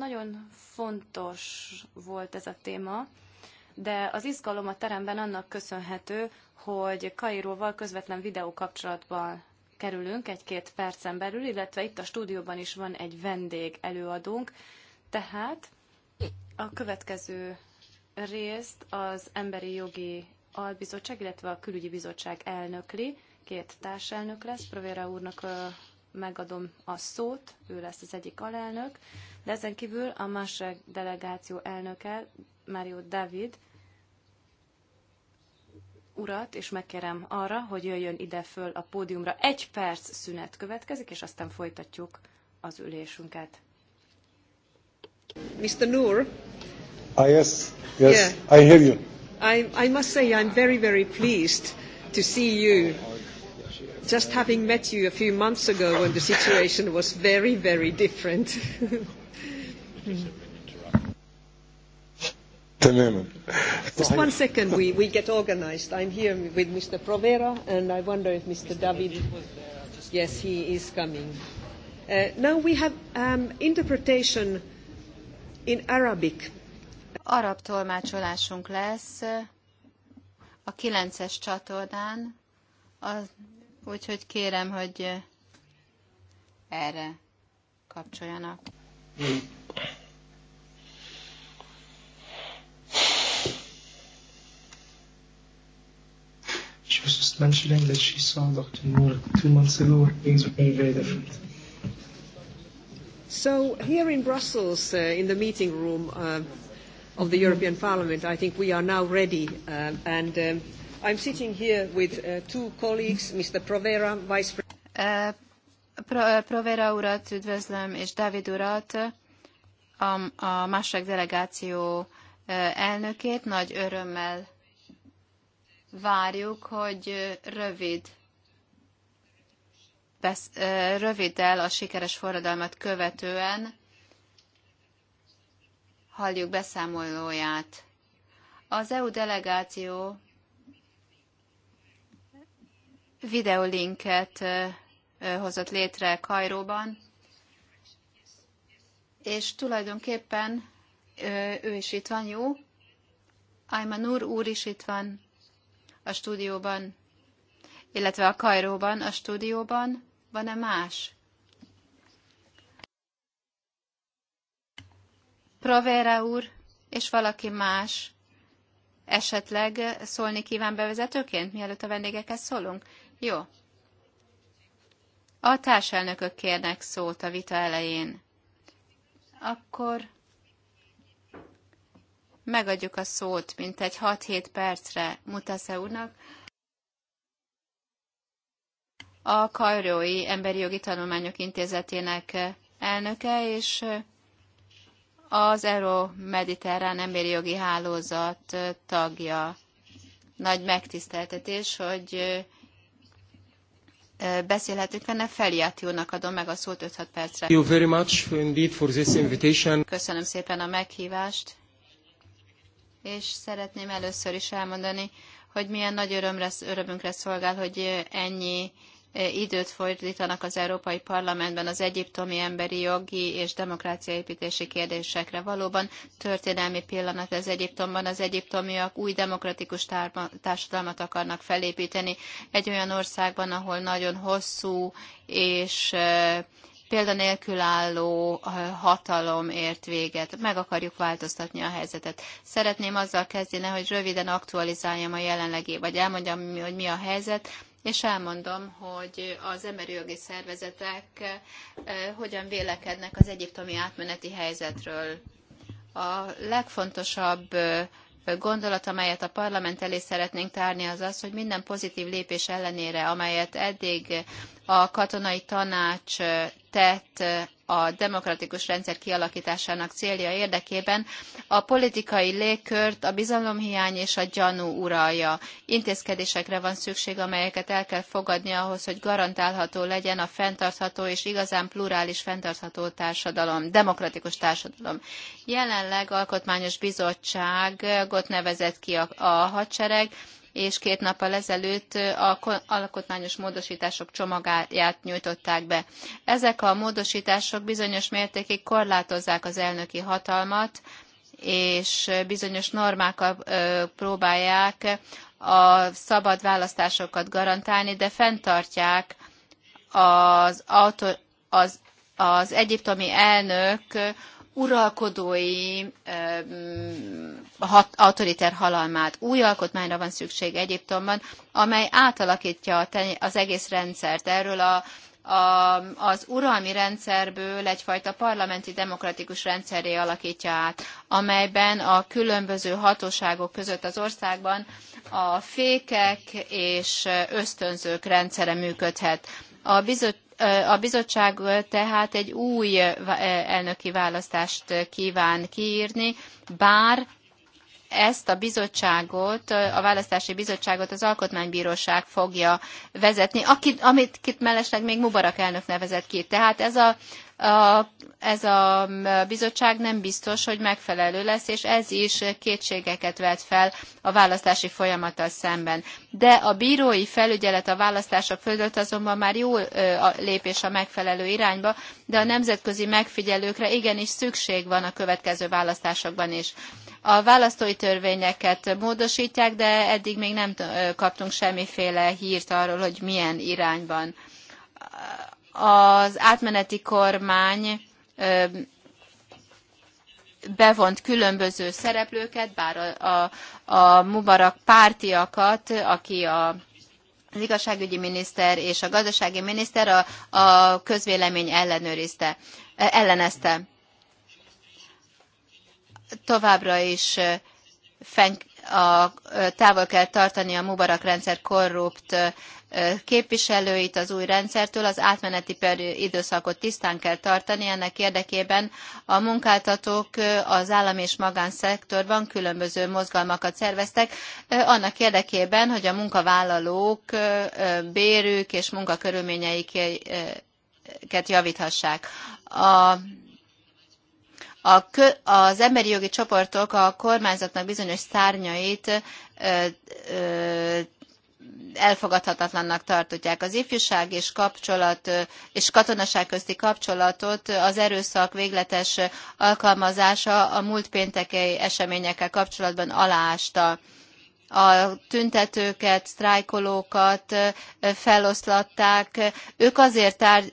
nagyon fontos volt ez a téma, de az izgalom a teremben annak köszönhető, hogy Kairóval közvetlen videó kapcsolatban kerülünk egy-két percen belül, illetve itt a stúdióban is van egy vendég előadónk, tehát a következő részt az Emberi Jogi Albizottság, illetve a Külügyi Bizottság elnökli, két társelnök lesz, Provera úrnak megadom a szót, ő lesz az egyik alelnök, de ezen kívül a másik delegáció elnöke, Mário David, urat, és megkérem arra, hogy jöjjön ide föl a pódiumra. Egy perc szünet következik, és aztán folytatjuk az ülésünket. Mr. Noor? Ah, yes, yes, yeah. I hear you. I, I must say I'm very, very pleased to see you just having met you a few months ago when the situation was very, very different. Just one second, we, we get organized. I'm here with Mr. Provera, and I wonder if Mr. Mr. David. Yes, he is coming. Uh, now we have um, interpretation in Arabic. Arab tolmácsolásunk lesz a 9-es csatornán, a Úgyhogy kérem, hogy erre kapcsoljanak. She was just mentioning that she saw Dr. Moore two months ago and things were very, very different. So here in Brussels, uh, in the meeting room uh, of the European Parliament, I think we are now ready uh, and um, I'm sitting here with uh, two colleagues, Mr. Provera, Vice President. Pro, Provera urat üdvözlöm, és David urat, a, a másik delegáció elnökét. Nagy örömmel várjuk, hogy rövid besz, röviddel a sikeres forradalmat követően halljuk beszámolóját. Az EU delegáció videolinket hozott létre Kajróban, és tulajdonképpen ő is itt van, jó? Ayman úr, úr is itt van a stúdióban, illetve a Kajróban, a stúdióban. Van-e más? Provera úr, és valaki más esetleg szólni kíván bevezetőként, mielőtt a vendégekhez szólunk? Jó. A társelnökök kérnek szót a vita elején. Akkor megadjuk a szót, mint egy 6-7 percre Mutasze úrnak, a Kajrói Emberi Jogi Tanulmányok Intézetének elnöke, és az Euró-Mediterrán Emberi Jogi Hálózat tagja. Nagy megtiszteltetés, hogy beszélhetünk benne. Feliatiónak adom meg a szót 5-6 percre. you very much indeed for this invitation. Köszönöm szépen a meghívást, és szeretném először is elmondani, hogy milyen nagy örömre, örömünkre szolgál, hogy ennyi időt fordítanak az Európai Parlamentben az egyiptomi emberi jogi és demokráciaépítési kérdésekre. Valóban történelmi pillanat ez Egyiptomban. Az egyiptomiak új demokratikus társadalmat akarnak felépíteni egy olyan országban, ahol nagyon hosszú és példanélkül álló hatalom ért véget. Meg akarjuk változtatni a helyzetet. Szeretném azzal kezdeni, hogy röviden aktualizáljam a jelenlegi, vagy elmondjam, hogy mi a helyzet, és elmondom, hogy az emberi jogi szervezetek eh, hogyan vélekednek az egyiptomi átmeneti helyzetről. A legfontosabb eh, gondolat, amelyet a parlament elé szeretnénk tárni, az az, hogy minden pozitív lépés ellenére, amelyet eddig a katonai tanács eh, tett a demokratikus rendszer kialakításának célja érdekében a politikai légkört a bizalomhiány és a gyanú uralja. Intézkedésekre van szükség, amelyeket el kell fogadni ahhoz, hogy garantálható legyen a fenntartható és igazán plurális fenntartható társadalom, demokratikus társadalom. Jelenleg alkotmányos bizottságot nevezett ki a, a hadsereg, és két nappal ezelőtt a alkotmányos módosítások csomagját nyújtották be. Ezek a módosítások bizonyos mértékig korlátozzák az elnöki hatalmat, és bizonyos normákkal próbálják a szabad választásokat garantálni, de fenntartják az, auto, az, az egyiptomi elnök uralkodói hat, autoriter halalmát. Új alkotmányra van szükség Egyiptomban, amely átalakítja az egész rendszert. Erről a, a, az uralmi rendszerből egyfajta parlamenti demokratikus rendszeré alakítja át, amelyben a különböző hatóságok között az országban a fékek és ösztönzők rendszere működhet. A bizot, a bizottság tehát egy új eh, elnöki választást kíván kiírni, bár ezt a bizottságot, a választási bizottságot az alkotmánybíróság fogja vezetni, akit, amit kit mellesleg még Mubarak elnök nevezett ki. Tehát ez a, a, ez a bizottság nem biztos, hogy megfelelő lesz, és ez is kétségeket vet fel a választási folyamattal szemben. De a bírói felügyelet a választások fölött azonban már jó lépés a megfelelő irányba, de a nemzetközi megfigyelőkre igenis szükség van a következő választásokban is. A választói törvényeket módosítják, de eddig még nem kaptunk semmiféle hírt arról, hogy milyen irányban. Az átmeneti kormány bevont különböző szereplőket, bár a, a, a Mubarak pártiakat, aki a az igazságügyi miniszter és a gazdasági miniszter a, a közvélemény ellenőrizte, ellenezte továbbra is fenn, a, távol kell tartani a Mubarak rendszer korrupt képviselőit az új rendszertől, az átmeneti időszakot tisztán kell tartani. Ennek érdekében a munkáltatók az állam és magánszektorban különböző mozgalmakat szerveztek, annak érdekében, hogy a munkavállalók bérük és munkakörülményeiket javíthassák. A a kö, az emberi jogi csoportok a kormányzatnak bizonyos szárnyait ö, ö, elfogadhatatlannak tartotják. Az ifjúság és kapcsolat és katonaság közti kapcsolatot az erőszak végletes alkalmazása a múlt pénteki eseményekkel kapcsolatban aláásta a tüntetőket, sztrájkolókat feloszlatták. Ők azért tár-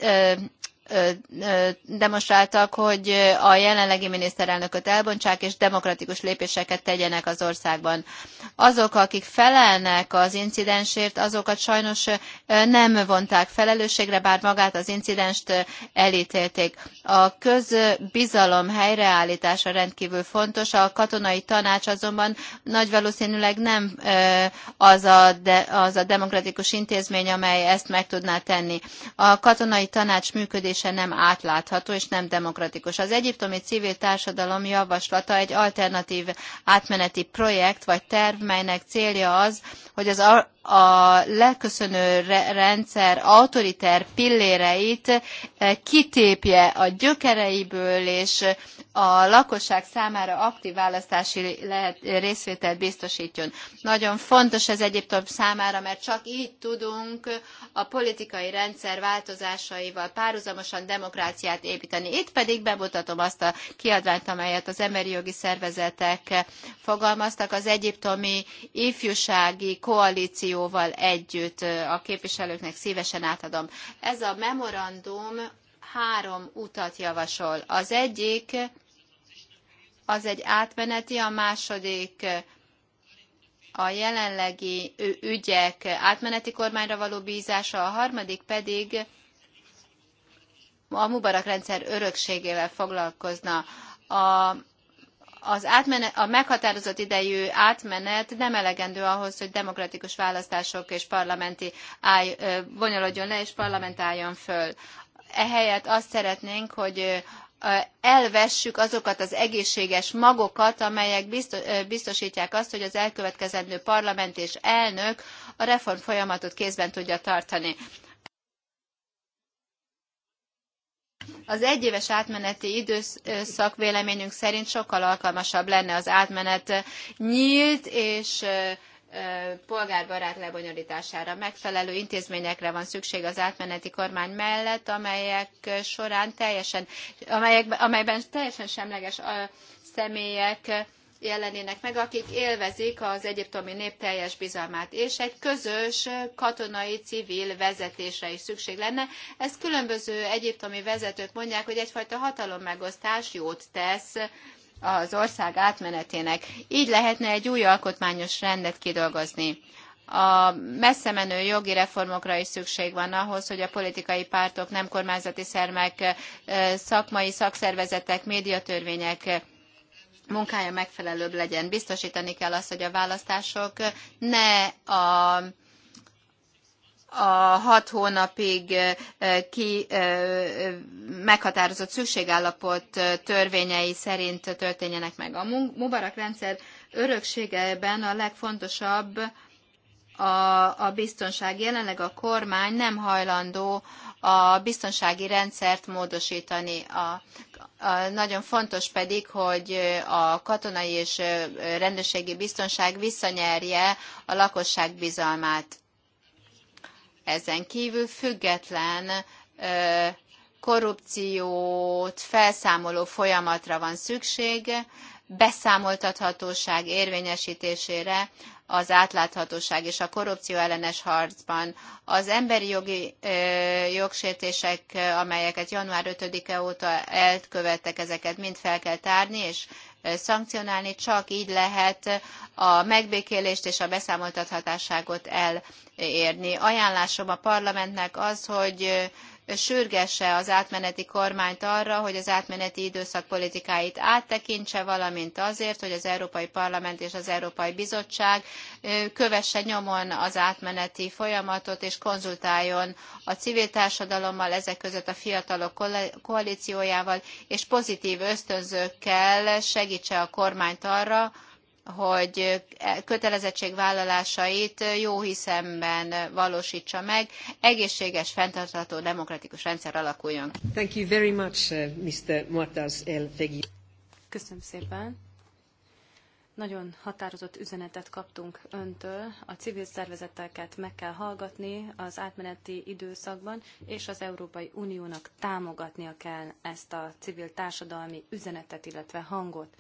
demonstráltak, hogy a jelenlegi miniszterelnököt elbontsák, és demokratikus lépéseket tegyenek az országban. Azok, akik felelnek az incidensért, azokat sajnos nem vonták felelősségre, bár magát az incidenst elítélték. A közbizalom helyreállítása rendkívül fontos, a katonai tanács azonban nagy valószínűleg nem az a, de, az a demokratikus intézmény, amely ezt meg tudná tenni. A katonai tanács működés működése nem átlátható és nem demokratikus. Az egyiptomi civil társadalom javaslata egy alternatív átmeneti projekt vagy terv, melynek célja az, hogy az a leköszönő rendszer autoriter pilléreit eh, kitépje a gyökereiből, és eh, a lakosság számára aktív választási lehet, részvételt biztosítjon. Nagyon fontos ez Egyiptom számára, mert csak így tudunk a politikai rendszer változásaival párhuzamosan demokráciát építeni. Itt pedig bemutatom azt a kiadványt, amelyet az emberi jogi szervezetek fogalmaztak, az egyiptomi ifjúsági koalíció verzióval együtt a képviselőknek szívesen átadom. Ez a memorandum három utat javasol. Az egyik az egy átmeneti, a második a jelenlegi ügyek átmeneti kormányra való bízása, a harmadik pedig a Mubarak rendszer örökségével foglalkozna. A az átmenet, a meghatározott idejű átmenet nem elegendő ahhoz, hogy demokratikus választások és parlamenti áll, bonyolodjon le, és parlament álljon föl. Ehelyett azt szeretnénk, hogy elvessük azokat az egészséges magokat, amelyek biztosítják azt, hogy az elkövetkezendő parlament és elnök a reform folyamatot kézben tudja tartani. Az egyéves átmeneti időszak véleményünk szerint sokkal alkalmasabb lenne az átmenet nyílt és polgárbarát lebonyolítására megfelelő intézményekre van szükség az átmeneti kormány mellett, amelyek során teljesen, amelyek, amelyben teljesen semleges személyek jelenének meg, akik élvezik az egyiptomi nép teljes bizalmát, és egy közös katonai civil vezetésre is szükség lenne. Ezt különböző egyiptomi vezetők mondják, hogy egyfajta hatalommegosztás jót tesz az ország átmenetének. Így lehetne egy új alkotmányos rendet kidolgozni. A messze menő jogi reformokra is szükség van ahhoz, hogy a politikai pártok, nem kormányzati szermek, szakmai szakszervezetek, médiatörvények munkája megfelelőbb legyen. Biztosítani kell azt, hogy a választások ne a a hat hónapig ki meghatározott szükségállapot törvényei szerint történjenek meg. A Mubarak rendszer örökségeben a legfontosabb a, a biztonság. Jelenleg a kormány nem hajlandó a biztonsági rendszert módosítani. A, a, nagyon fontos pedig, hogy a katonai és rendőrségi biztonság visszanyerje a lakosság bizalmát. Ezen kívül független korrupciót felszámoló folyamatra van szükség, beszámoltathatóság érvényesítésére az átláthatóság és a korrupció ellenes harcban. Az emberi jogi jogsértések, amelyeket január 5-e óta elkövettek, ezeket mind fel kell tárni, és szankcionálni, csak így lehet a megbékélést és a beszámoltathatóságot elérni. Ajánlásom a parlamentnek az, hogy sürgesse az átmeneti kormányt arra, hogy az átmeneti időszak politikáit áttekintse, valamint azért, hogy az Európai Parlament és az Európai Bizottság kövesse nyomon az átmeneti folyamatot, és konzultáljon a civil társadalommal, ezek között a fiatalok koalíciójával, és pozitív ösztönzőkkel segítse a kormányt arra, hogy e, kötelezettségvállalásait jó hiszemben valósítsa meg, egészséges, fenntartható demokratikus rendszer alakuljon. Thank you very much, uh, Mr. Martas El Fegi. Köszönöm szépen. Nagyon határozott üzenetet kaptunk öntől. A civil szervezeteket meg kell hallgatni az átmeneti időszakban, és az Európai Uniónak támogatnia kell ezt a civil társadalmi üzenetet, illetve hangot.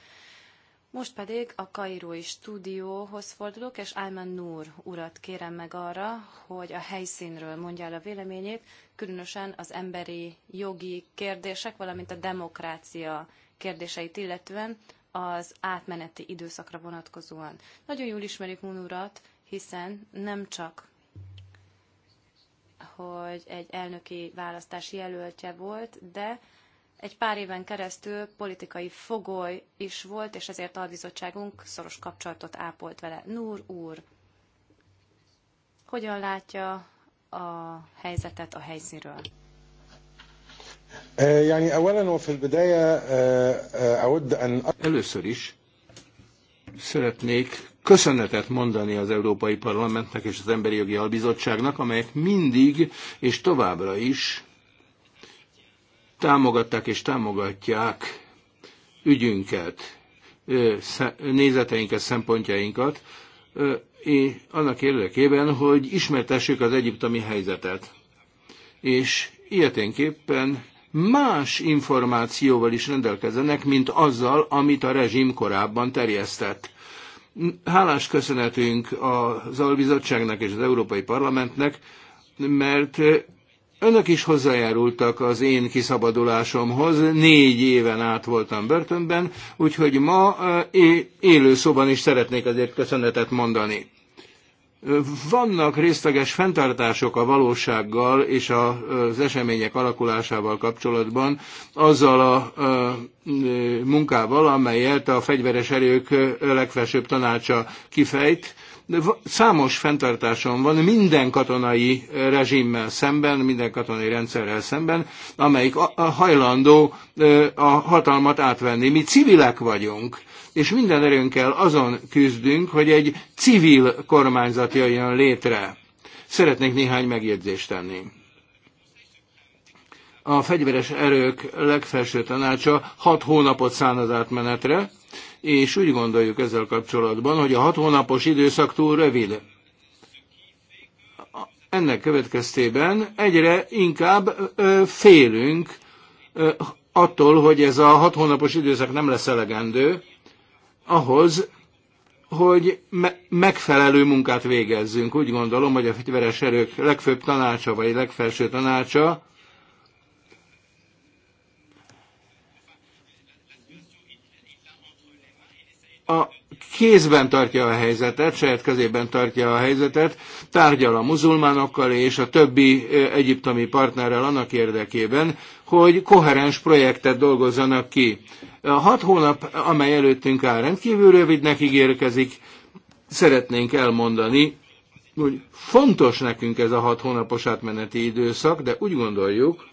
Most pedig a kairói stúdióhoz fordulok, és Ayman Nur urat kérem meg arra, hogy a helyszínről mondja el a véleményét, különösen az emberi jogi kérdések, valamint a demokrácia kérdéseit illetően az átmeneti időszakra vonatkozóan. Nagyon jól ismerik Nur urat, hiszen nem csak hogy egy elnöki választás jelöltje volt, de egy pár éven keresztül politikai fogoly is volt, és ezért a bizottságunk szoros kapcsolatot ápolt vele. Núr úr, hogyan látja a helyzetet a helyszínről? Eh, eh, eh, Először is szeretnék köszönetet mondani az Európai Parlamentnek és az Emberi Jogi Albizottságnak, amelyek mindig és továbbra is támogatták és támogatják ügyünket, nézeteinket, szempontjainkat, annak érdekében, hogy ismertessük az egyiptomi helyzetet. És ilyeténképpen más információval is rendelkezzenek, mint azzal, amit a rezsim korábban terjesztett. Hálás köszönetünk az Albizottságnak és az Európai Parlamentnek, mert Önök is hozzájárultak az én kiszabadulásomhoz, négy éven át voltam börtönben, úgyhogy ma eh, élőszóban is szeretnék azért köszönetet mondani. Vannak részleges fenntartások a valósággal és az események alakulásával kapcsolatban, azzal a eh, munkával, amelyet a fegyveres erők legfelsőbb tanácsa kifejt, számos fenntartásom van minden katonai eh, rezsimmel szemben, minden katonai rendszerrel szemben, amelyik a, a hajlandó eh, a hatalmat átvenni. Mi civilek vagyunk, és minden erőnkkel azon küzdünk, hogy egy civil kormányzat jöjjön létre. Szeretnék néhány megjegyzést tenni a fegyveres erők legfelső tanácsa hat hónapot szán az átmenetre, és úgy gondoljuk ezzel kapcsolatban, hogy a hat hónapos időszak túl rövid. Ennek következtében egyre inkább félünk attól, hogy ez a hat hónapos időszak nem lesz elegendő ahhoz, hogy me- megfelelő munkát végezzünk. Úgy gondolom, hogy a fegyveres erők legfőbb tanácsa, vagy legfelső tanácsa a kézben tartja a helyzetet, saját kezében tartja a helyzetet, tárgyal a muzulmánokkal és a többi egyiptomi partnerrel annak érdekében, hogy koherens projektet dolgozzanak ki. A hat hónap, amely előttünk áll, rendkívül rövidnek ígérkezik, szeretnénk elmondani, hogy fontos nekünk ez a hat hónapos átmeneti időszak, de úgy gondoljuk,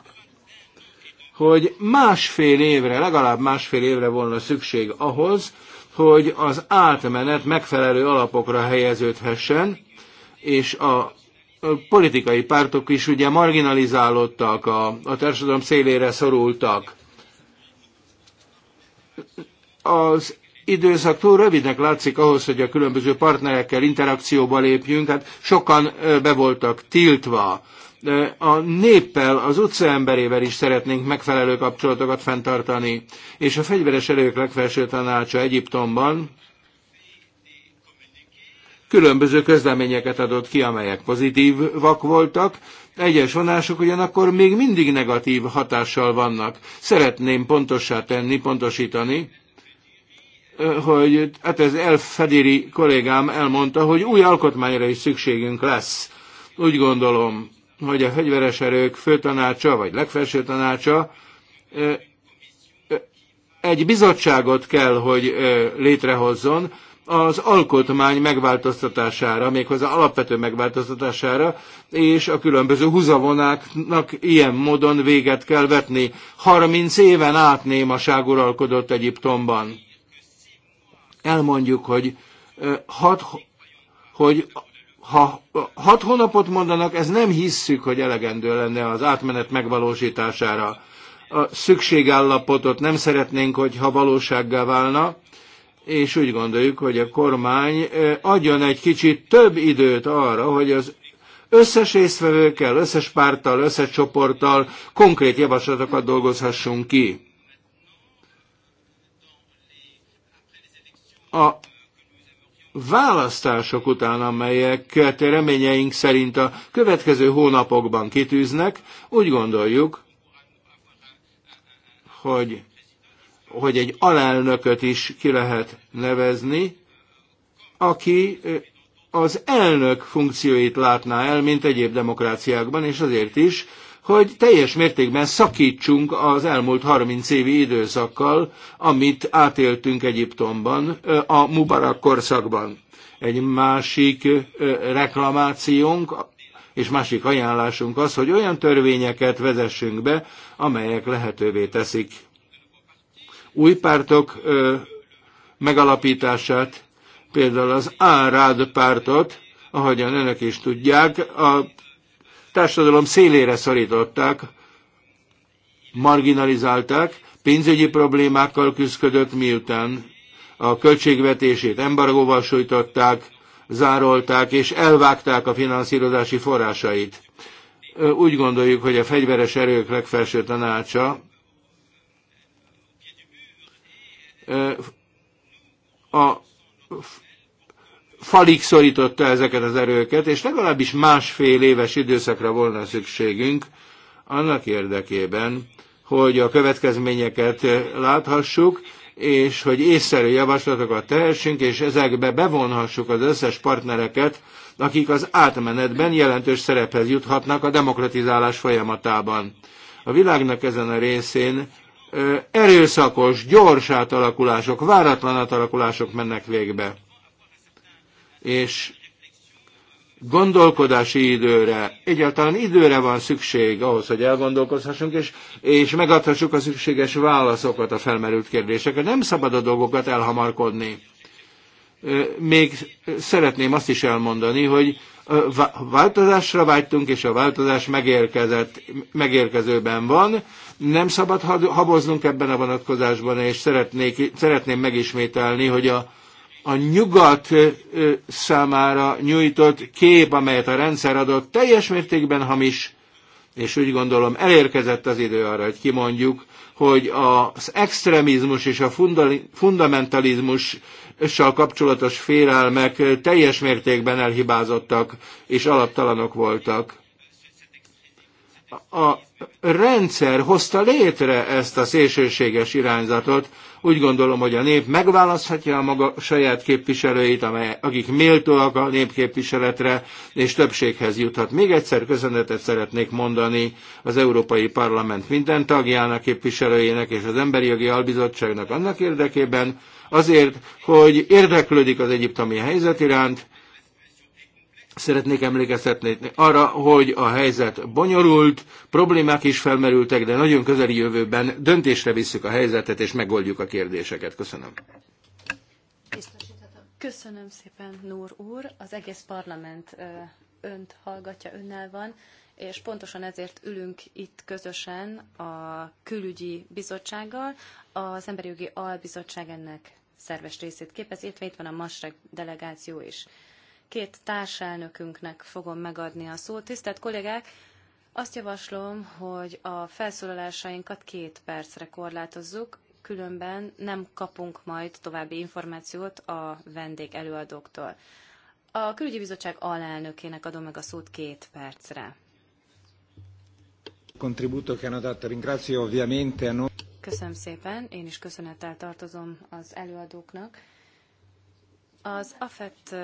hogy másfél évre, legalább másfél évre volna szükség ahhoz, hogy az átmenet megfelelő alapokra helyeződhessen, és a politikai pártok is ugye marginalizálódtak, a, a társadalom szélére szorultak. Az időszak túl rövidnek látszik ahhoz, hogy a különböző partnerekkel interakcióba lépjünk, hát sokan be voltak tiltva a néppel, az utca emberével is szeretnénk megfelelő kapcsolatokat fenntartani. És a fegyveres erők legfelső tanácsa Egyiptomban különböző közleményeket adott ki, amelyek pozitívak voltak, egyes vonások ugyanakkor még mindig negatív hatással vannak. Szeretném pontossá tenni, pontosítani, hogy hát ez Elfediri kollégám elmondta, hogy új alkotmányra is szükségünk lesz. Úgy gondolom, hogy a fegyveres erők főtanácsa, vagy legfelső tanácsa egy bizottságot kell, hogy létrehozzon az alkotmány megváltoztatására, méghozzá alapvető megváltoztatására, és a különböző húzavonáknak ilyen módon véget kell vetni. 30 éven át némaság uralkodott Egyiptomban. Elmondjuk, hogy hat, hogy ha hat hónapot mondanak, ez nem hisszük, hogy elegendő lenne az átmenet megvalósítására. A szükségállapotot nem szeretnénk, hogyha valósággá válna, és úgy gondoljuk, hogy a kormány adjon egy kicsit több időt arra, hogy az összes résztvevőkkel, összes párttal, összes csoporttal konkrét javaslatokat dolgozhassunk ki. A választások után, amelyeket reményeink szerint a következő hónapokban kitűznek, úgy gondoljuk, hogy, hogy egy alelnököt is ki lehet nevezni, aki az elnök funkcióit látná el, mint egyéb demokráciákban, és azért is hogy teljes mértékben szakítsunk az elmúlt 30 évi időszakkal, amit átéltünk Egyiptomban, a Mubarak korszakban. Egy másik reklamációnk, és másik ajánlásunk az, hogy olyan törvényeket vezessünk be, amelyek lehetővé teszik új pártok megalapítását, például az Árád pártot, ahogyan önök is tudják, a társadalom szélére szorították, marginalizálták, pénzügyi problémákkal küzdött, miután a költségvetését embargóval sújtották, zárolták és elvágták a finanszírozási forrásait. Úgy gondoljuk, hogy a fegyveres erők legfelső tanácsa a falig szorította ezeket az erőket, és legalábbis másfél éves időszakra volna szükségünk annak érdekében, hogy a következményeket láthassuk, és hogy észszerű javaslatokat tehessünk, és ezekbe bevonhassuk az összes partnereket, akik az átmenetben jelentős szerephez juthatnak a demokratizálás folyamatában. A világnak ezen a részén erőszakos, gyors átalakulások, váratlan átalakulások mennek végbe és gondolkodási időre, egyáltalán időre van szükség ahhoz, hogy elgondolkozhassunk, és, és megadhassuk a szükséges válaszokat a felmerült kérdésekre. Nem szabad a dolgokat elhamarkodni. Még szeretném azt is elmondani, hogy változásra vágytunk, és a változás megérkezett, megérkezőben van. Nem szabad haboznunk ebben a vonatkozásban, és szeretnék, szeretném megismételni, hogy a, a nyugat számára nyújtott kép, amelyet a rendszer adott, teljes mértékben hamis, és úgy gondolom elérkezett az idő arra, hogy kimondjuk, hogy az extremizmus és a fundamentalizmussal kapcsolatos félelmek teljes mértékben elhibázottak és alaptalanok voltak. A rendszer hozta létre ezt a szélsőséges irányzatot, úgy gondolom, hogy a nép megválaszthatja a maga saját képviselőit, amely, akik méltóak a népképviseletre, és többséghez juthat. Még egyszer köszönetet szeretnék mondani az Európai Parlament minden tagjának, képviselőjének és az Emberi Jogi Albizottságnak annak érdekében, azért, hogy érdeklődik az egyiptomi helyzet iránt, szeretnék emlékeztetni arra, hogy a helyzet bonyolult, problémák is felmerültek, de nagyon közeli jövőben döntésre visszük a helyzetet, és megoldjuk a kérdéseket. Köszönöm. Köszönöm szépen, Núr úr. Az egész parlament önt hallgatja, önnel van, és pontosan ezért ülünk itt közösen a külügyi bizottsággal. Az Emberi Jogi Albizottság ennek szerves részét képez, illetve itt van a MASREG delegáció is két társelnökünknek fogom megadni a szót. Tisztelt kollégák, azt javaslom, hogy a felszólalásainkat két percre korlátozzuk, különben nem kapunk majd további információt a vendég előadóktól. A külügyi bizottság alelnökének adom meg a szót két percre. Köszönöm szépen, én is köszönettel tartozom az előadóknak. Az AFET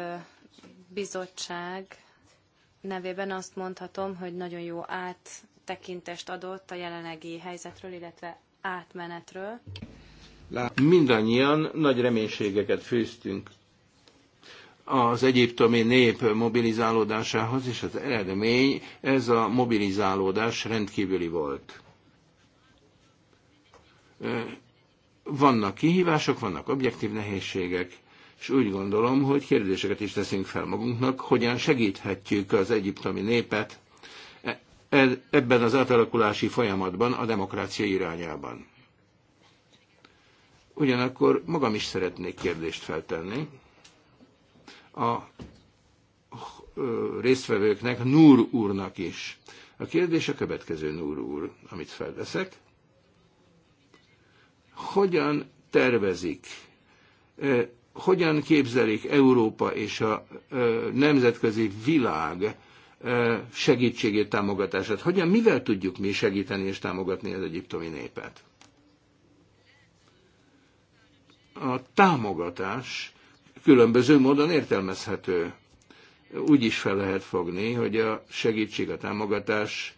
bizottság nevében azt mondhatom, hogy nagyon jó áttekintést adott a jelenlegi helyzetről, illetve átmenetről. Mindannyian nagy reménységeket főztünk az egyiptomi nép mobilizálódásához, és az eredmény, ez a mobilizálódás rendkívüli volt. Vannak kihívások, vannak objektív nehézségek, és úgy gondolom, hogy kérdéseket is teszünk fel magunknak, hogyan segíthetjük az egyiptomi népet e- e- ebben az átalakulási folyamatban a demokrácia irányában. Ugyanakkor magam is szeretnék kérdést feltenni. A résztvevőknek, Núr úrnak is. A kérdés a következő, Núr úr, amit felveszek. Hogyan tervezik hogyan képzelik Európa és a nemzetközi világ segítségét, támogatását? Hogyan, mivel tudjuk mi segíteni és támogatni az egyiptomi népet? A támogatás különböző módon értelmezhető. Úgy is fel lehet fogni, hogy a segítség, a támogatás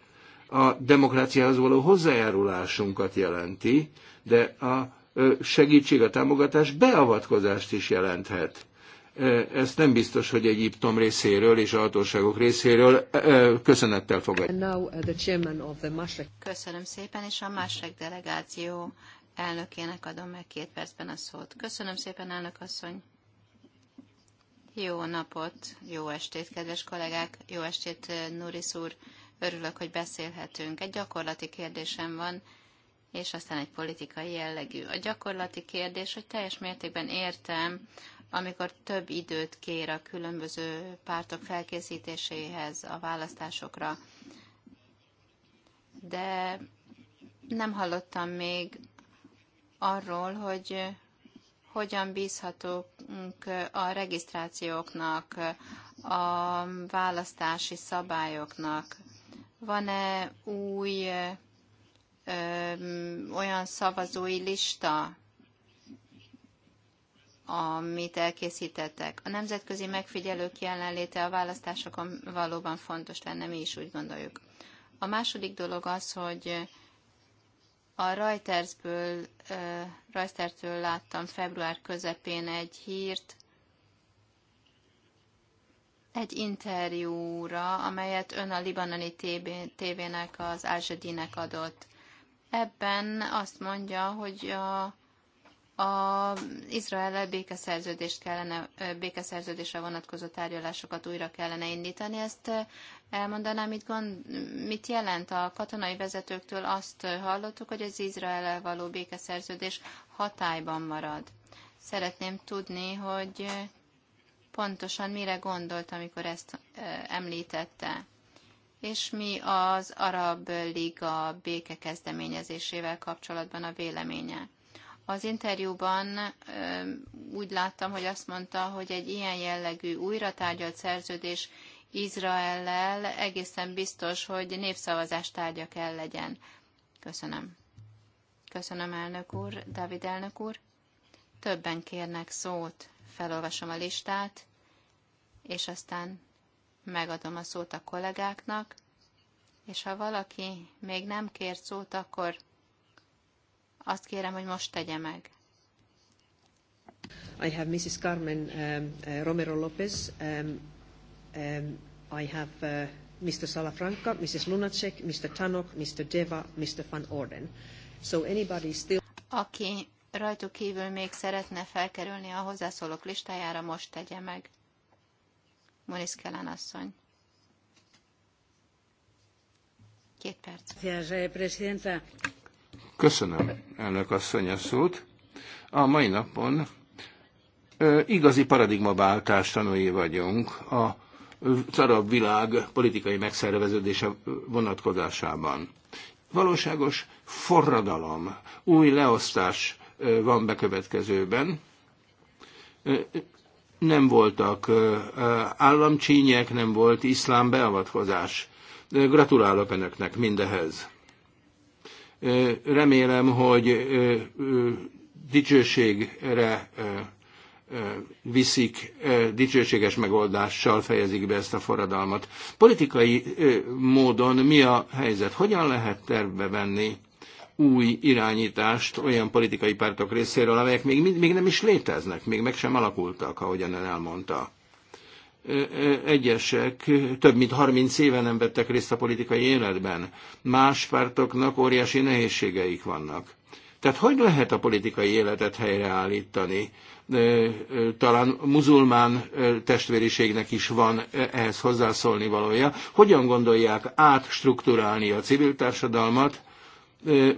a demokráciához való hozzájárulásunkat jelenti, de a segítség, a támogatás beavatkozást is jelenthet. Ezt nem biztos, hogy Egyiptom részéről és a hatóságok részéről köszönettel fogadja. Uh, Köszönöm szépen, és a másik delegáció elnökének adom meg két percben a szót. Köszönöm szépen, elnök asszony! Jó napot, jó estét, kedves kollégák, jó estét, Nuris úr! Örülök, hogy beszélhetünk. Egy gyakorlati kérdésem van és aztán egy politikai jellegű. A gyakorlati kérdés, hogy teljes mértékben értem, amikor több időt kér a különböző pártok felkészítéséhez, a választásokra, de nem hallottam még arról, hogy hogyan bízhatunk a regisztrációknak, a választási szabályoknak. Van-e új olyan szavazói lista, amit elkészítettek. A nemzetközi megfigyelők jelenléte a választásokon valóban fontos lenne, mi is úgy gondoljuk. A második dolog az, hogy a Reutersből, Reuterstől láttam február közepén egy hírt, egy interjúra, amelyet ön a libanoni tévének, az Ázsadinek adott. Ebben azt mondja, hogy a a izrael békeszerződést kellene, békeszerződésre vonatkozó tárgyalásokat újra kellene indítani. Ezt elmondanám, mit, gond, mit jelent a katonai vezetőktől azt hallottuk, hogy az izrael való békeszerződés hatályban marad. Szeretném tudni, hogy pontosan mire gondolt, amikor ezt említette és mi az Arab Liga békekezdeményezésével kapcsolatban a véleménye. Az interjúban úgy láttam, hogy azt mondta, hogy egy ilyen jellegű újra tárgyalt szerződés Izraellel egészen biztos, hogy népszavazás tárgya kell legyen. Köszönöm. Köszönöm, elnök úr, David elnök úr. Többen kérnek szót. Felolvasom a listát, és aztán megadom a szót a kollégáknak, és ha valaki még nem kér szót, akkor azt kérem, hogy most tegye meg. I have Mrs. Carmen um, uh, Romero Lopez. Um, um, I have uh, Mr. Salafranca, Mrs. Lunacek, Mr. Tanok, Mr. Deva, Mr. Van Orden. So anybody still... Aki rajtuk kívül még szeretne felkerülni a hozzászólók listájára, most tegye meg. Moniz asszony. Két perc. Köszönöm, elnök asszony a szót. A mai napon igazi paradigmaváltás tanúi vagyunk a arab világ politikai megszerveződése vonatkozásában. Valóságos forradalom, új leosztás van bekövetkezőben, nem voltak államcsínyek, nem volt iszlám beavatkozás. Gratulálok önöknek mindehez. Remélem, hogy dicsőségre viszik, dicsőséges megoldással fejezik be ezt a forradalmat. Politikai módon mi a helyzet? Hogyan lehet tervbe venni új irányítást olyan politikai pártok részéről, amelyek még, még nem is léteznek, még meg sem alakultak, ahogyan ön elmondta. Egyesek több mint 30 éve nem vettek részt a politikai életben. Más pártoknak óriási nehézségeik vannak. Tehát hogy lehet a politikai életet helyreállítani? Talán muzulmán testvériségnek is van ehhez hozzászólni valója. Hogyan gondolják átstruktúrálni a civil társadalmat,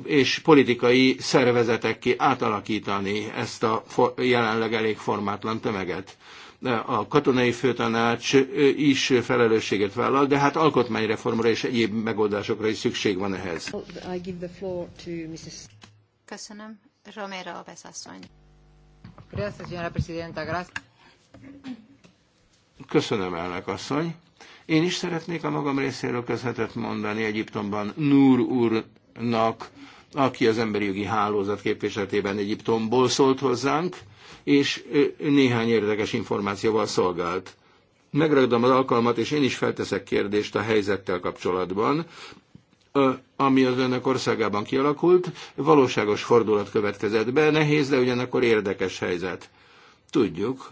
és politikai ki átalakítani ezt a jelenleg elég formátlan tömeget. A katonai főtanács is felelősséget vállal, de hát alkotmányreformra és egyéb megoldásokra is szükség van ehhez. Köszönöm. Romero Alves asszony. Köszönöm, elnök asszony. Én is szeretnék a magam részéről közvetet mondani Egyiptomban Núr úr úrnak, aki az emberi jogi hálózat képviseletében Egyiptomból szólt hozzánk, és néhány érdekes információval szolgált. Megragadom az alkalmat, és én is felteszek kérdést a helyzettel kapcsolatban, ami az önök országában kialakult, valóságos fordulat következett be, nehéz, de ugyanakkor érdekes helyzet. Tudjuk,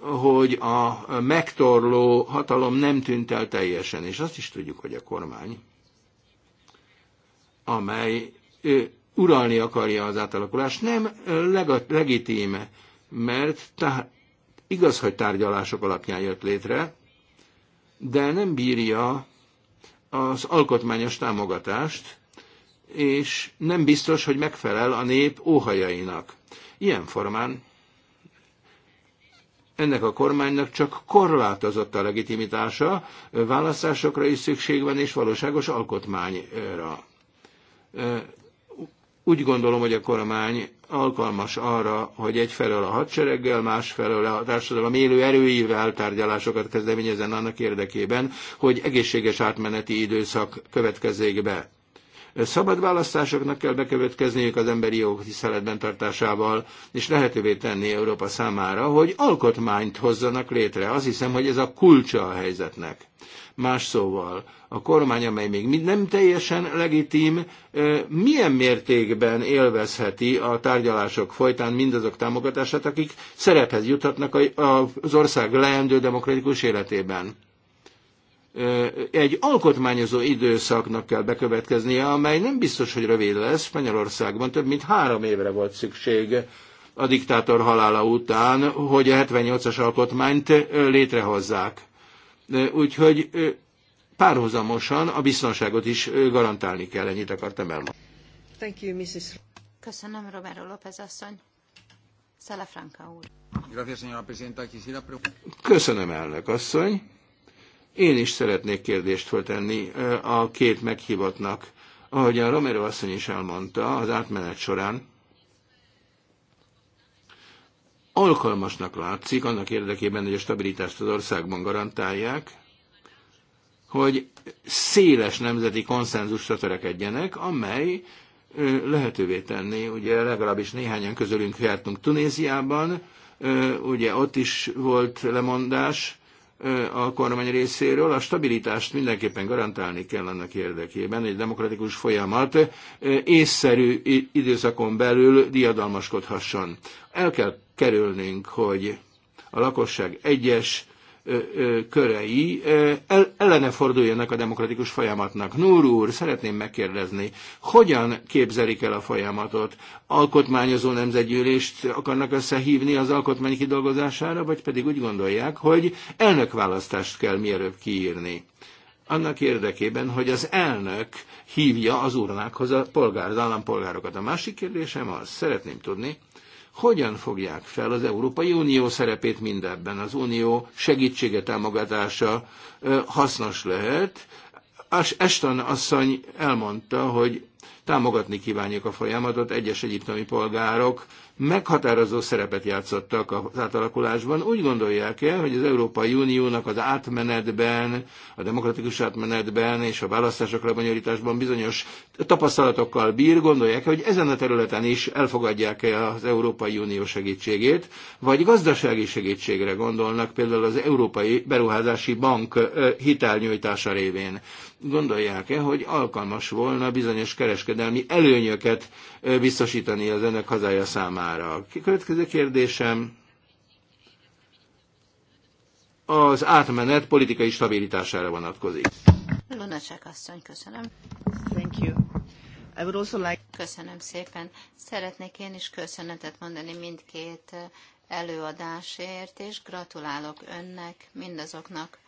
hogy a megtorló hatalom nem tűnt el teljesen, és azt is tudjuk, hogy a kormány amely uralni akarja az átalakulást, nem legitíme, mert tá- igaz, hogy tárgyalások alapján jött létre, de nem bírja az alkotmányos támogatást, és nem biztos, hogy megfelel a nép óhajainak. Ilyen formán ennek a kormánynak csak korlátozott a legitimitása, választásokra is szükség van, és valóságos alkotmányra. Úgy gondolom, hogy a kormány alkalmas arra, hogy egyfelől a hadsereggel, másfelől a társadalom élő erőivel tárgyalásokat kezdeményezzen annak érdekében, hogy egészséges átmeneti időszak következzék be. Szabad választásoknak kell bekövetkezniük az emberi jogok tiszteletben tartásával, és lehetővé tenni Európa számára, hogy alkotmányt hozzanak létre. Azt hiszem, hogy ez a kulcsa a helyzetnek. Más szóval, a kormány, amely még nem teljesen legitim, milyen mértékben élvezheti a tárgyalások folytán mindazok támogatását, akik szerephez juthatnak az ország leendő demokratikus életében? egy alkotmányozó időszaknak kell bekövetkeznie, amely nem biztos, hogy rövid lesz. Spanyolországban több mint három évre volt szükség a diktátor halála után, hogy a 78-as alkotmányt létrehozzák. Úgyhogy párhuzamosan a biztonságot is garantálni kell, ennyit akartam elmondani. Thank you, Mrs. Köszönöm, Romero López asszony. Szelefranka úr. Köszönöm, elnök asszony. Én is szeretnék kérdést föltenni a két meghívottnak. a Romero asszony is elmondta, az átmenet során alkalmasnak látszik annak érdekében, hogy a stabilitást az országban garantálják, hogy széles nemzeti konszenzusra törekedjenek, amely lehetővé tenni, ugye legalábbis néhányan közülünk jártunk Tunéziában, ugye ott is volt lemondás a kormány részéről, a stabilitást mindenképpen garantálni kell annak érdekében, egy demokratikus folyamat észszerű időszakon belül diadalmaskodhasson. El kell kerülnénk, hogy a lakosság egyes körei ellene forduljanak a demokratikus folyamatnak. Núr úr, szeretném megkérdezni, hogyan képzelik el a folyamatot? Alkotmányozó nemzetgyűlést akarnak összehívni az alkotmány kidolgozására, vagy pedig úgy gondolják, hogy elnökválasztást kell mielőbb kiírni? annak érdekében, hogy az elnök hívja az urnákhoz a polgár, az állampolgárokat. A másik kérdésem az, szeretném tudni, hogyan fogják fel az Európai Unió szerepét mindebben. Az Unió segítsége, támogatása hasznos lehet. Eston asszony elmondta, hogy támogatni kívánjuk a folyamatot, egyes egyiptomi polgárok meghatározó szerepet játszottak az átalakulásban. Úgy gondolják el, hogy az Európai Uniónak az átmenetben, a demokratikus átmenetben és a választások lebonyolításban bizonyos tapasztalatokkal bír, gondolják el, hogy ezen a területen is elfogadják el az Európai Unió segítségét, vagy gazdasági segítségre gondolnak, például az Európai Beruházási Bank hitelnyújtása révén gondolják-e, hogy alkalmas volna bizonyos kereskedelmi előnyöket biztosítani az önök hazája számára? számára. Következő kérdésem az átmenet politikai stabilitására vonatkozik. Lunacek asszony, köszönöm. Thank you. I would also like... Köszönöm szépen. Szeretnék én is köszönetet mondani mindkét előadásért, és gratulálok önnek, mindazoknak,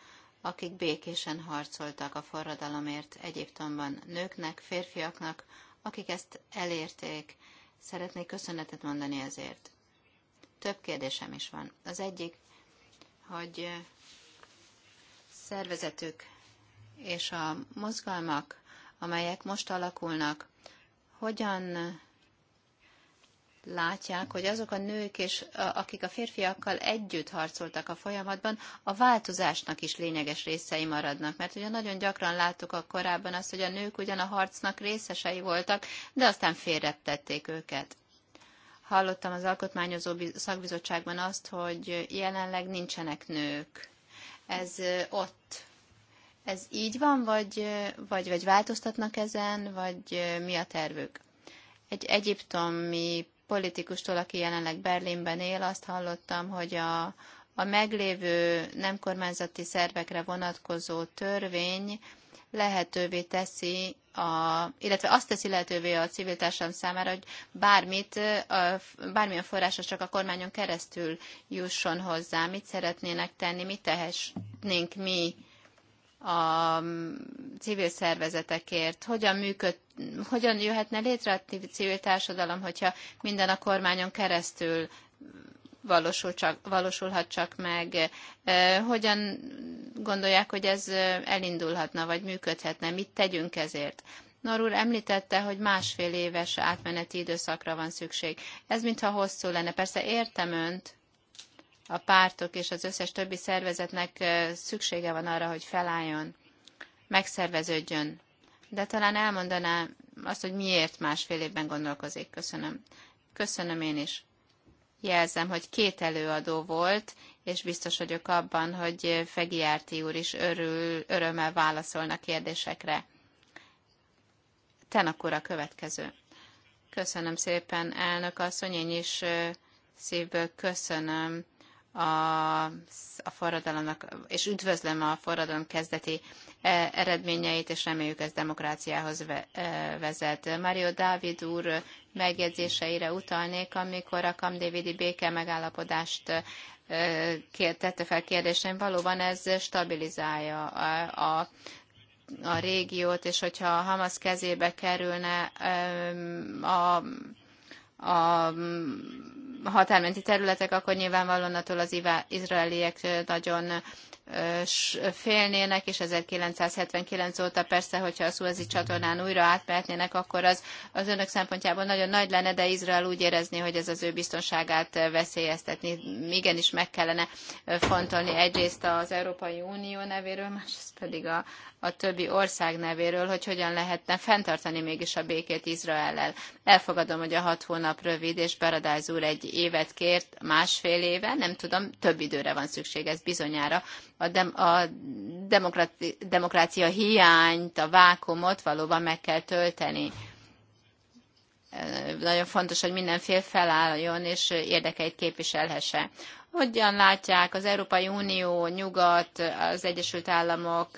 akik békésen harcoltak a forradalomért Egyiptomban, nőknek, férfiaknak, akik ezt elérték, Szeretnék köszönetet mondani ezért. Több kérdésem is van. Az egyik, hogy szervezetük és a mozgalmak, amelyek most alakulnak, hogyan látják, hogy azok a nők, és akik a férfiakkal együtt harcoltak a folyamatban, a változásnak is lényeges részei maradnak. Mert ugye nagyon gyakran láttuk a korábban azt, hogy a nők ugyan a harcnak részesei voltak, de aztán félreptették őket. Hallottam az Alkotmányozó Szakbizottságban azt, hogy jelenleg nincsenek nők. Ez ott ez így van, vagy, vagy, vagy változtatnak ezen, vagy mi a tervük? Egy egyiptomi politikustól, aki jelenleg Berlinben él, azt hallottam, hogy a, a meglévő nem kormányzati szervekre vonatkozó törvény lehetővé teszi, a, illetve azt teszi lehetővé a civil társadalom számára, hogy bármit, a, bármilyen forrásos csak a kormányon keresztül jusson hozzá. Mit szeretnének tenni, mit tehetnénk mi a mm, civil szervezetekért, hogyan működ, hogyan jöhetne létre a civil társadalom, hogyha minden a kormányon keresztül valósul csak, valósulhat csak meg, e, hogyan gondolják, hogy ez elindulhatna, vagy működhetne, mit tegyünk ezért. Nor úr említette, hogy másfél éves átmeneti időszakra van szükség. Ez mintha hosszú lenne. Persze értem önt, a pártok és az összes többi szervezetnek szüksége van arra, hogy felálljon, megszerveződjön. De talán elmondaná azt, hogy miért másfél évben gondolkozik. Köszönöm. Köszönöm én is. Jelzem, hogy két előadó volt, és biztos vagyok abban, hogy Árti úr is örül, örömmel válaszolna kérdésekre. Tenak úr a következő. Köszönöm szépen, elnök asszony, én is szívből köszönöm a, a forradalomnak, és üdvözlöm a forradalom kezdeti e, eredményeit, és reméljük ez demokráciához e, vezet. Mario Dávid úr megjegyzéseire utalnék, amikor a Kamdévidi béke megállapodást e, tette fel kérdésem, valóban ez stabilizálja a, a a régiót, és hogyha a Hamas kezébe kerülne a, a határmenti területek, akkor nyilvánvalóan attól az izraeliek nagyon félnének, és 1979 óta persze, hogyha a szuezi csatornán újra átmehetnének, akkor az az önök szempontjából nagyon nagy lenne, de Izrael úgy érezné, hogy ez az ő biztonságát veszélyeztetni. Igenis meg kellene fontolni egyrészt az Európai Unió nevéről, másrészt pedig a, a többi ország nevéről, hogy hogyan lehetne fenntartani mégis a békét El Elfogadom, hogy a hat hónap rövid, és Baradáz úr egy évet kért, másfél éve, nem tudom, több időre van szükség, ez bizonyára a, dem, a demokrati, demokrácia hiányt, a vákumot valóban meg kell tölteni. Nagyon fontos, hogy minden fél felálljon és érdekeit képviselhesse. Hogyan látják az Európai Unió, Nyugat, az Egyesült Államok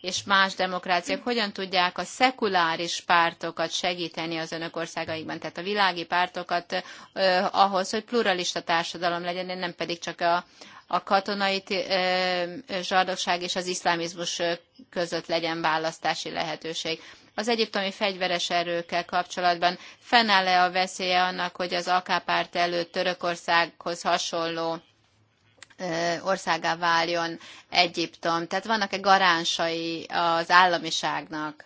és más demokráciák, hogyan tudják a szekuláris pártokat segíteni az önök országaikban, tehát a világi pártokat eh, ahhoz, hogy pluralista társadalom legyen, nem pedig csak a, a katonai eh, zsarnokság és az iszlámizmus között legyen választási lehetőség az egyiptomi fegyveres erőkkel kapcsolatban fennáll-e a veszélye annak, hogy az AK párt előtt Törökországhoz hasonló országá váljon Egyiptom. Tehát vannak-e garánsai az államiságnak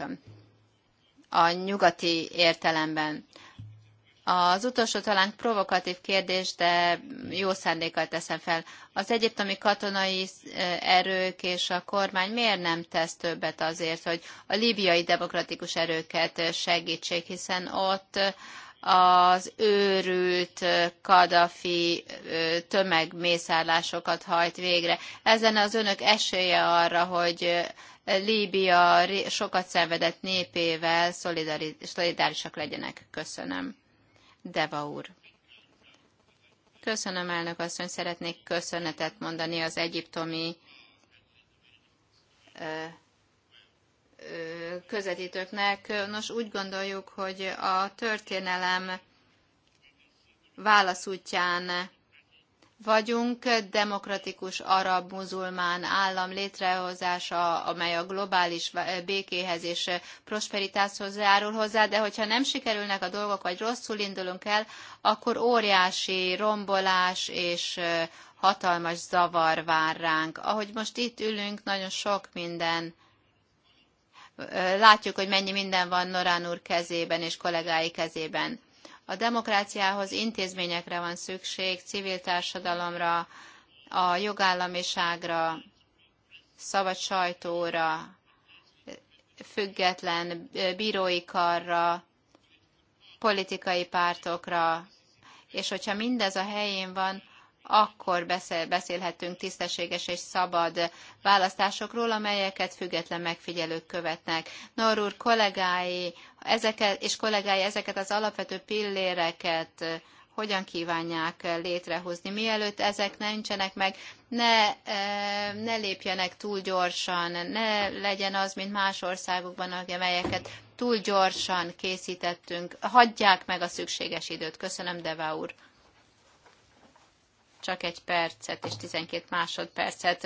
a nyugati értelemben? Az utolsó talán provokatív kérdés, de jó szándékkal teszem fel. Az egyiptomi katonai erők és a kormány miért nem tesz többet azért, hogy a líbiai demokratikus erőket segítsék, hiszen ott az őrült Kadafi tömegmészárlásokat hajt végre. Ezen az önök esélye arra, hogy Líbia sokat szenvedett népével szolidárisak legyenek. Köszönöm. Deva úr. Köszönöm, elnök asszony. Szeretnék köszönetet mondani az egyiptomi közvetítőknek. Nos, úgy gondoljuk, hogy a történelem válaszútján vagyunk, demokratikus arab muzulmán állam létrehozása, amely a globális békéhez és prosperitáshoz járul hozzá, de hogyha nem sikerülnek a dolgok, vagy rosszul indulunk el, akkor óriási rombolás és hatalmas zavar vár ránk. Ahogy most itt ülünk, nagyon sok minden Látjuk, hogy mennyi minden van Norán úr kezében és kollégái kezében. A demokráciához intézményekre van szükség, civil társadalomra, a jogállamiságra, szabad sajtóra, független bírói karra, politikai pártokra, és hogyha mindez a helyén van, akkor beszélhetünk tisztességes és szabad választásokról, amelyeket független megfigyelők követnek. Norur kollégái ezeket, és kollégái ezeket az alapvető pilléreket eh, hogyan kívánják létrehozni. Mielőtt ezek nincsenek meg, ne, eh, ne lépjenek túl gyorsan, ne legyen az, mint más országokban, amelyeket túl gyorsan készítettünk. Hagyják meg a szükséges időt. Köszönöm, Deva úr csak egy percet és 12 másodpercet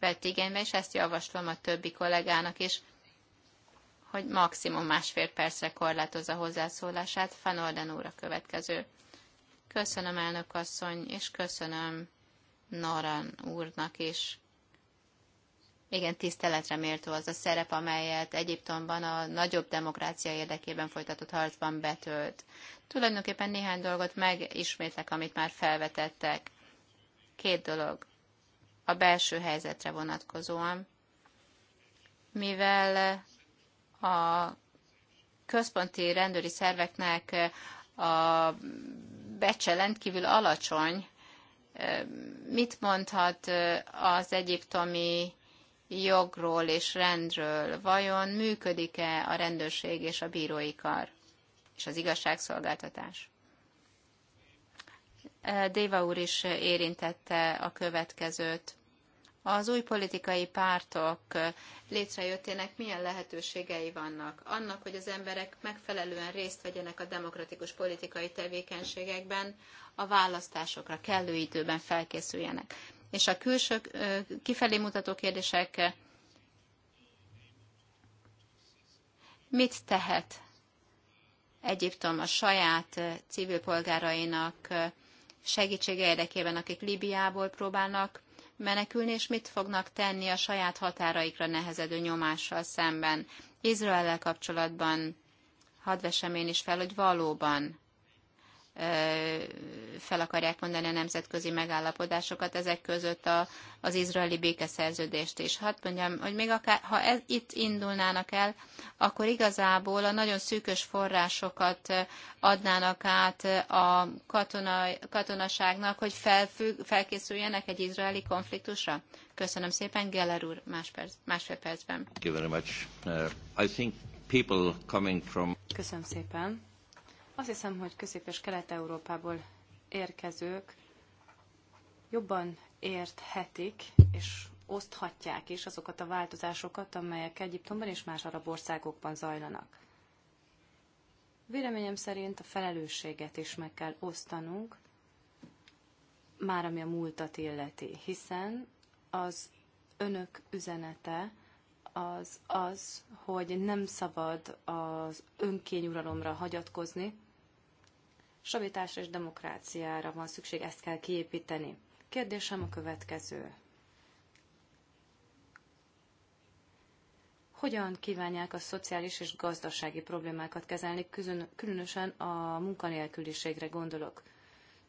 vett igénybe, és ezt javaslom a többi kollégának is, hogy maximum másfél percre korlátozza hozzászólását. Van úr a következő. Köszönöm, elnök asszony, és köszönöm Noran úrnak is. Igen, tiszteletre méltó az a szerep, amelyet Egyiptomban a nagyobb demokrácia érdekében folytatott harcban betölt. Tulajdonképpen néhány dolgot megismétlek, amit már felvetettek. Két dolog a belső helyzetre vonatkozóan, mivel eh, a központi rendőri szerveknek eh, a becse rendkívül alacsony, eh, mit mondhat az egyiptomi jogról és rendről? Vajon működik-e a rendőrség és a bírói kar és az igazságszolgáltatás? Déva úr is érintette a következőt. Az új politikai pártok létrejöttének milyen lehetőségei vannak? Annak, hogy az emberek megfelelően részt vegyenek a demokratikus politikai tevékenységekben, a választásokra kellő időben felkészüljenek. És a külső kifelé mutató kérdések mit tehet Egyiptom a saját civil polgárainak segítsége érdekében, akik Líbiából próbálnak menekülni, és mit fognak tenni a saját határaikra nehezedő nyomással szemben. izrael kapcsolatban hadd vesem én is fel, hogy valóban fel akarják mondani a nemzetközi megállapodásokat, ezek között a, az izraeli békeszerződést is. hát mondjam, hogy még akár, ha ez, itt indulnának el, akkor igazából a nagyon szűkös forrásokat adnának át a katona, katonaságnak, hogy felfügg, felkészüljenek egy izraeli konfliktusra. Köszönöm szépen, Geller úr, más perc, másfél percben. Uh, Köszönöm szépen azt hiszem, hogy Közép- és Kelet-Európából érkezők jobban érthetik és oszthatják is azokat a változásokat, amelyek Egyiptomban és más arab országokban zajlanak. Véleményem szerint a felelősséget is meg kell osztanunk, már ami a múltat illeti, hiszen az önök üzenete az az, hogy nem szabad az önkényuralomra hagyatkozni, Stabilitásra és demokráciára van szükség, ezt kell kiépíteni. Kérdésem a következő. Hogyan kívánják a szociális és gazdasági problémákat kezelni, különösen a munkanélküliségre gondolok?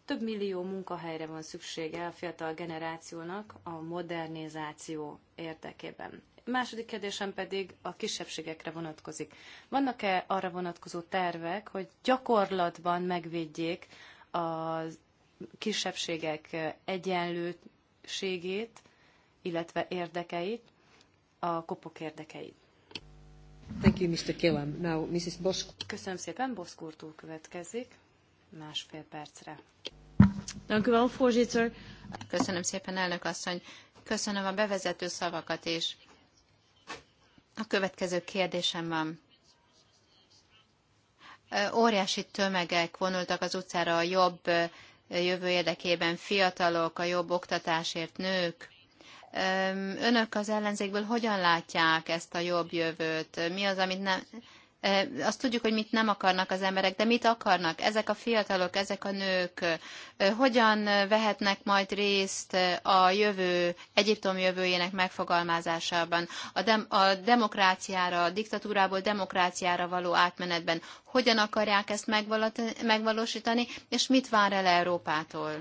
Több millió munkahelyre van szüksége a fiatal generációnak a modernizáció érdekében. Második kérdésem pedig a kisebbségekre vonatkozik. Vannak-e arra vonatkozó tervek, hogy gyakorlatban megvédjék a kisebbségek egyenlőségét, illetve érdekeit, a kopok érdekeit? Thank you, Mr. Killam. Now, Mrs. Bosk. Köszönöm szépen, Boszkurtól következik másfél percre. Köszönöm szépen, elnök asszony. Köszönöm a bevezető szavakat is. A következő kérdésem van. Óriási tömegek vonultak az utcára a jobb jövő érdekében, fiatalok, a jobb oktatásért, nők. Önök az ellenzékből hogyan látják ezt a jobb jövőt? Mi az, amit nem, azt tudjuk, hogy mit nem akarnak az emberek, de mit akarnak ezek a fiatalok, ezek a nők, hogyan vehetnek majd részt a jövő, Egyiptom jövőjének megfogalmazásában, a, dem, a demokráciára, a diktatúrából demokráciára való átmenetben, hogyan akarják ezt megvalósítani, és mit vár el Európától?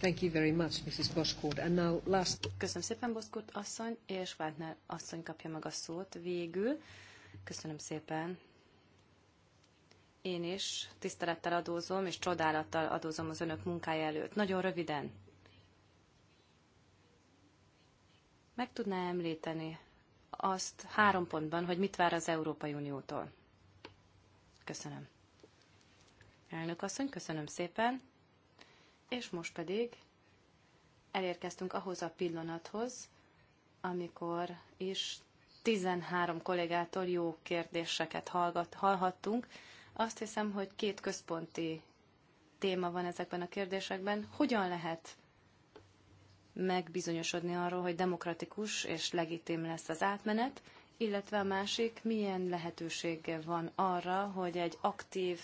Thank you very much, Mrs. Boskord. And now last... Köszönöm szépen, Boszkurt asszony, és Wagner asszony kapja meg a szót végül. Köszönöm szépen. Én is tisztelettel adózom, és csodálattal adózom az önök munkája előtt. Nagyon röviden. Meg tudná említeni azt három pontban, hogy mit vár az Európai Uniótól? Köszönöm. Elnök asszony, köszönöm szépen. És most pedig elérkeztünk ahhoz a pillanathoz, amikor is 13 kollégától jó kérdéseket hallgat, hallhattunk. Azt hiszem, hogy két központi téma van ezekben a kérdésekben. Hogyan lehet megbizonyosodni arról, hogy demokratikus és legitim lesz az átmenet, illetve a másik, milyen lehetősége van arra, hogy egy aktív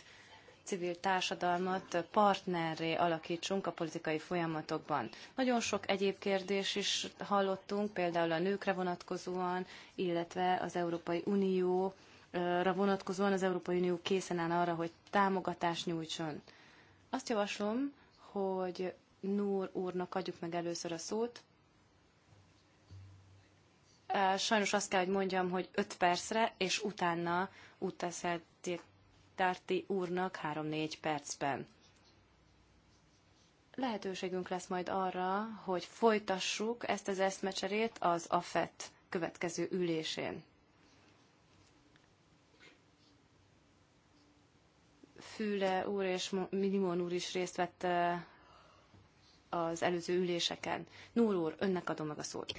civil társadalmat partnerré alakítsunk a politikai folyamatokban. Nagyon sok egyéb kérdés is hallottunk, például a nőkre vonatkozóan, illetve az Európai Unióra vonatkozóan az Európai Unió készen áll arra, hogy támogatást nyújtson. Azt javaslom, hogy Núr úrnak adjuk meg először a szót. Sajnos azt kell, hogy mondjam, hogy öt percre, és utána útteszelt Dárti úrnak 3-4 percben. Lehetőségünk lesz majd arra, hogy folytassuk ezt az eszmecserét az AFET következő ülésén. Füle úr és Minimon úr is részt vett eh, az előző üléseken. Núr úr, önnek adom meg a szót.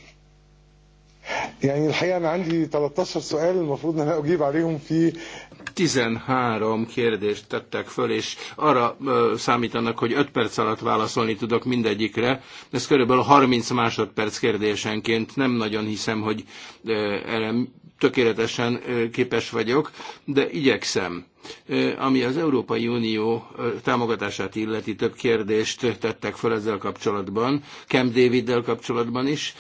يعني الحقيقة أنا عندي 13 سؤال المفروض أن أنا أجيب عليهم في 13 kérdést tettek föl, és arra ö, számítanak, hogy 5 perc alatt válaszolni tudok mindegyikre. Ez körülbelül 30 másodperc kérdésenként. Nem nagyon hiszem, hogy ö, erre tökéletesen ö, képes vagyok, de igyekszem. Ami az Európai Unió támogatását illeti, több kérdést tettek fel ezzel kapcsolatban, Camp Daviddel kapcsolatban is.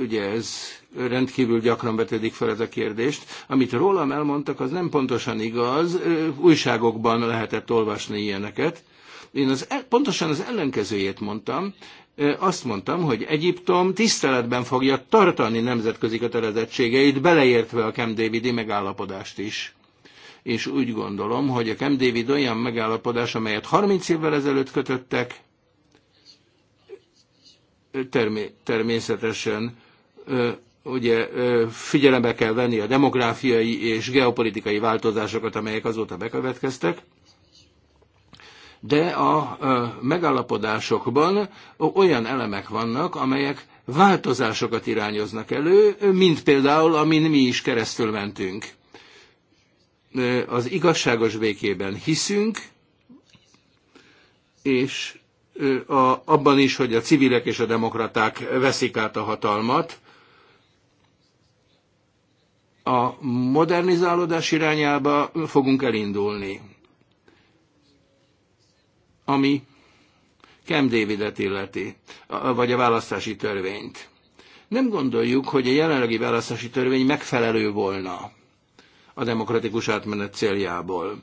Ugye ez rendkívül gyakran betődik fel ez a kérdést. Amit rólam elmondtak, az nem pontosan igaz. Újságokban lehetett olvasni ilyeneket. Én az, e- pontosan az ellenkezőjét mondtam, azt mondtam, hogy Egyiptom tiszteletben fogja tartani nemzetközi kötelezettségeit, beleértve a Camp Davidi megállapodást is és úgy gondolom, hogy a Camp David olyan megállapodás, amelyet 30 évvel ezelőtt kötöttek, termé természetesen ugye figyelembe kell venni a demográfiai és geopolitikai változásokat, amelyek azóta bekövetkeztek, de a megállapodásokban olyan elemek vannak, amelyek változásokat irányoznak elő, mint például, amin mi is keresztül mentünk az igazságos békében hiszünk, és a, abban is, hogy a civilek és a demokraták veszik át a hatalmat. A modernizálódás irányába fogunk elindulni, ami Kem Davidet illeti, vagy a választási törvényt. Nem gondoljuk, hogy a jelenlegi választási törvény megfelelő volna a demokratikus átmenet céljából.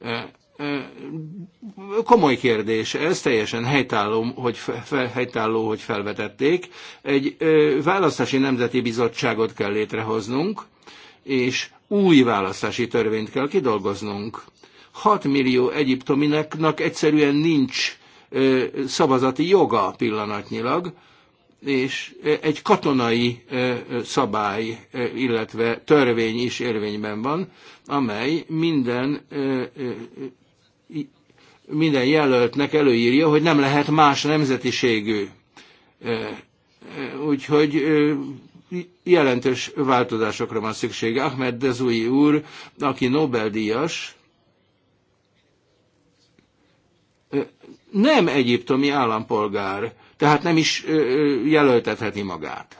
E, e, komoly kérdés, ez teljesen helytálló, hogy, fe, helytálló, hogy felvetették. Egy e, választási nemzeti bizottságot kell létrehoznunk, és új választási törvényt kell kidolgoznunk. 6 millió egyiptominek egyszerűen nincs szavazati joga pillanatnyilag, és egy katonai szabály, illetve törvény is érvényben van, amely minden minden jelöltnek előírja, hogy nem lehet más nemzetiségű. Úgyhogy jelentős változásokra van szüksége. Ahmed Dezui úr, aki Nobel-díjas, nem egyiptomi állampolgár, tehát nem is jelöltetheti magát.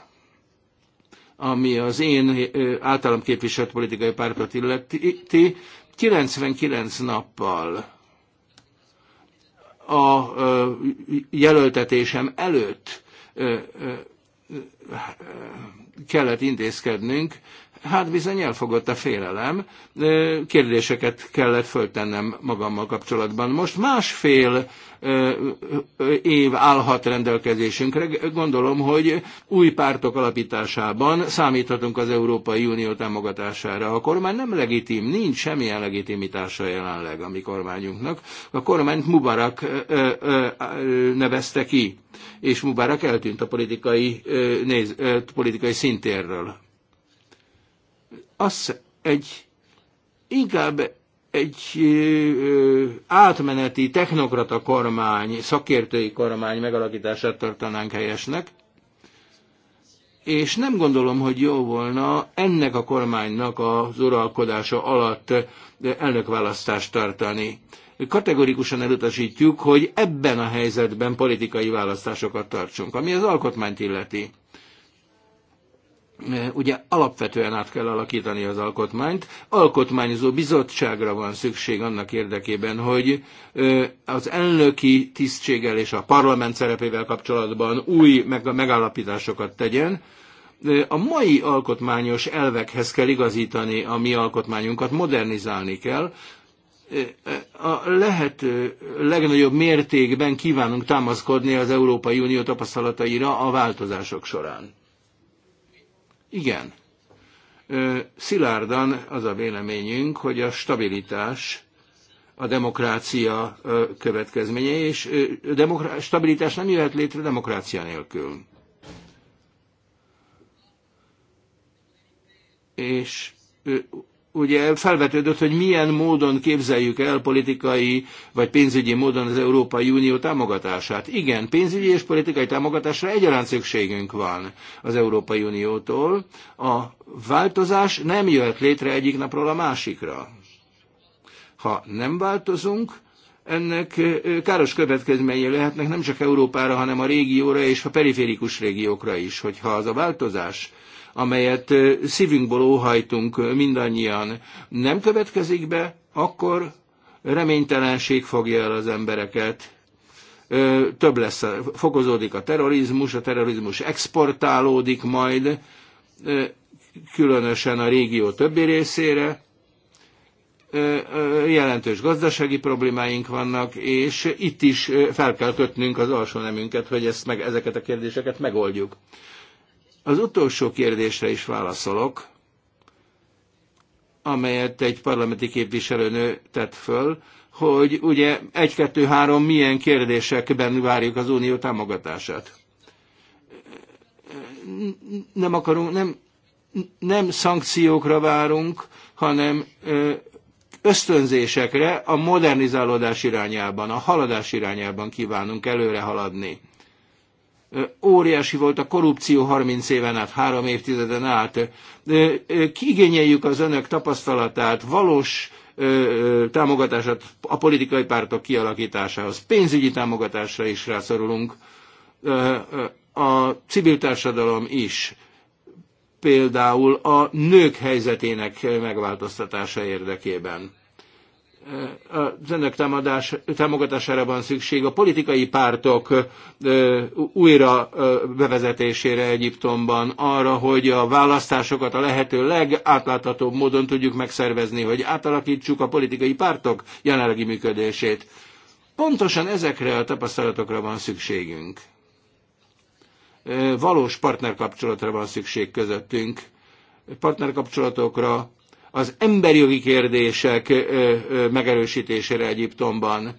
Ami az én általam képviselt politikai pártot illeti, 99 nappal a jelöltetésem előtt kellett intézkednünk, hát bizony elfogott a félelem, kérdéseket kellett föltennem magammal kapcsolatban. Most másfél év állhat rendelkezésünkre. Gondolom, hogy új pártok alapításában számíthatunk az Európai Unió támogatására. A kormány nem legitim, nincs semmilyen legitimitása jelenleg a mi kormányunknak. A kormányt Mubarak nevezte ki, és Mubarak eltűnt a politikai, néz, politikai szintérről. Az egy inkább egy átmeneti technokrata kormány, szakértői kormány megalakítását tartanánk helyesnek, és nem gondolom, hogy jó volna ennek a kormánynak az uralkodása alatt elnökválasztást tartani. Kategorikusan elutasítjuk, hogy ebben a helyzetben politikai választásokat tartsunk, ami az alkotmányt illeti. Eh, ugye alapvetően át kell alakítani az alkotmányt, alkotmányozó bizottságra van szükség annak érdekében, hogy eh, az elnöki tisztséggel és a parlament szerepével kapcsolatban új megállapításokat tegyen, eh, a mai alkotmányos elvekhez kell igazítani a mi alkotmányunkat, modernizálni kell, a lehető legnagyobb mértékben kívánunk támaszkodni az Európai Unió tapasztalataira a változások során. Igen, szilárdan az a véleményünk, hogy a stabilitás a demokrácia következménye, és demokra- stabilitás nem jöhet létre demokrácia nélkül. És ugye felvetődött, hogy milyen módon képzeljük el politikai vagy pénzügyi módon az Európai Unió támogatását. Igen, pénzügyi és politikai támogatásra egyaránt szükségünk van az Európai Uniótól. A változás nem jöhet létre egyik napról a másikra. Ha nem változunk, ennek káros következményei lehetnek nem csak Európára, hanem a régióra és a periférikus régiókra is, hogyha az a változás amelyet szívünkből óhajtunk mindannyian, nem következik be, akkor reménytelenség fogja el az embereket. Több lesz, fokozódik a terrorizmus, a terrorizmus exportálódik majd, különösen a régió többi részére, jelentős gazdasági problémáink vannak, és itt is fel kell kötnünk az alsó nemünket, hogy ezt meg, ezeket a kérdéseket megoldjuk. Az utolsó kérdésre is válaszolok, amelyet egy parlamenti képviselőnő tett föl, hogy ugye egy-kettő-három milyen kérdésekben várjuk az unió támogatását. Nem akarunk, nem, nem szankciókra várunk, hanem ösztönzésekre a modernizálódás irányában, a haladás irányában kívánunk előre haladni óriási volt a korrupció 30 éven át, három évtizeden át. kigényeljük az önök tapasztalatát, valós támogatását a politikai pártok kialakításához. Pénzügyi támogatásra is rászorulunk. A civil társadalom is például a nők helyzetének megváltoztatása érdekében az önök támadás, támogatására van szükség a politikai pártok újra bevezetésére Egyiptomban, arra, hogy a választásokat a lehető legátláthatóbb módon tudjuk megszervezni, hogy átalakítsuk a politikai pártok jelenlegi működését. Pontosan ezekre a tapasztalatokra van szükségünk. Valós partnerkapcsolatra van szükség közöttünk, partnerkapcsolatokra, az emberjogi kérdések megerősítésére Egyiptomban.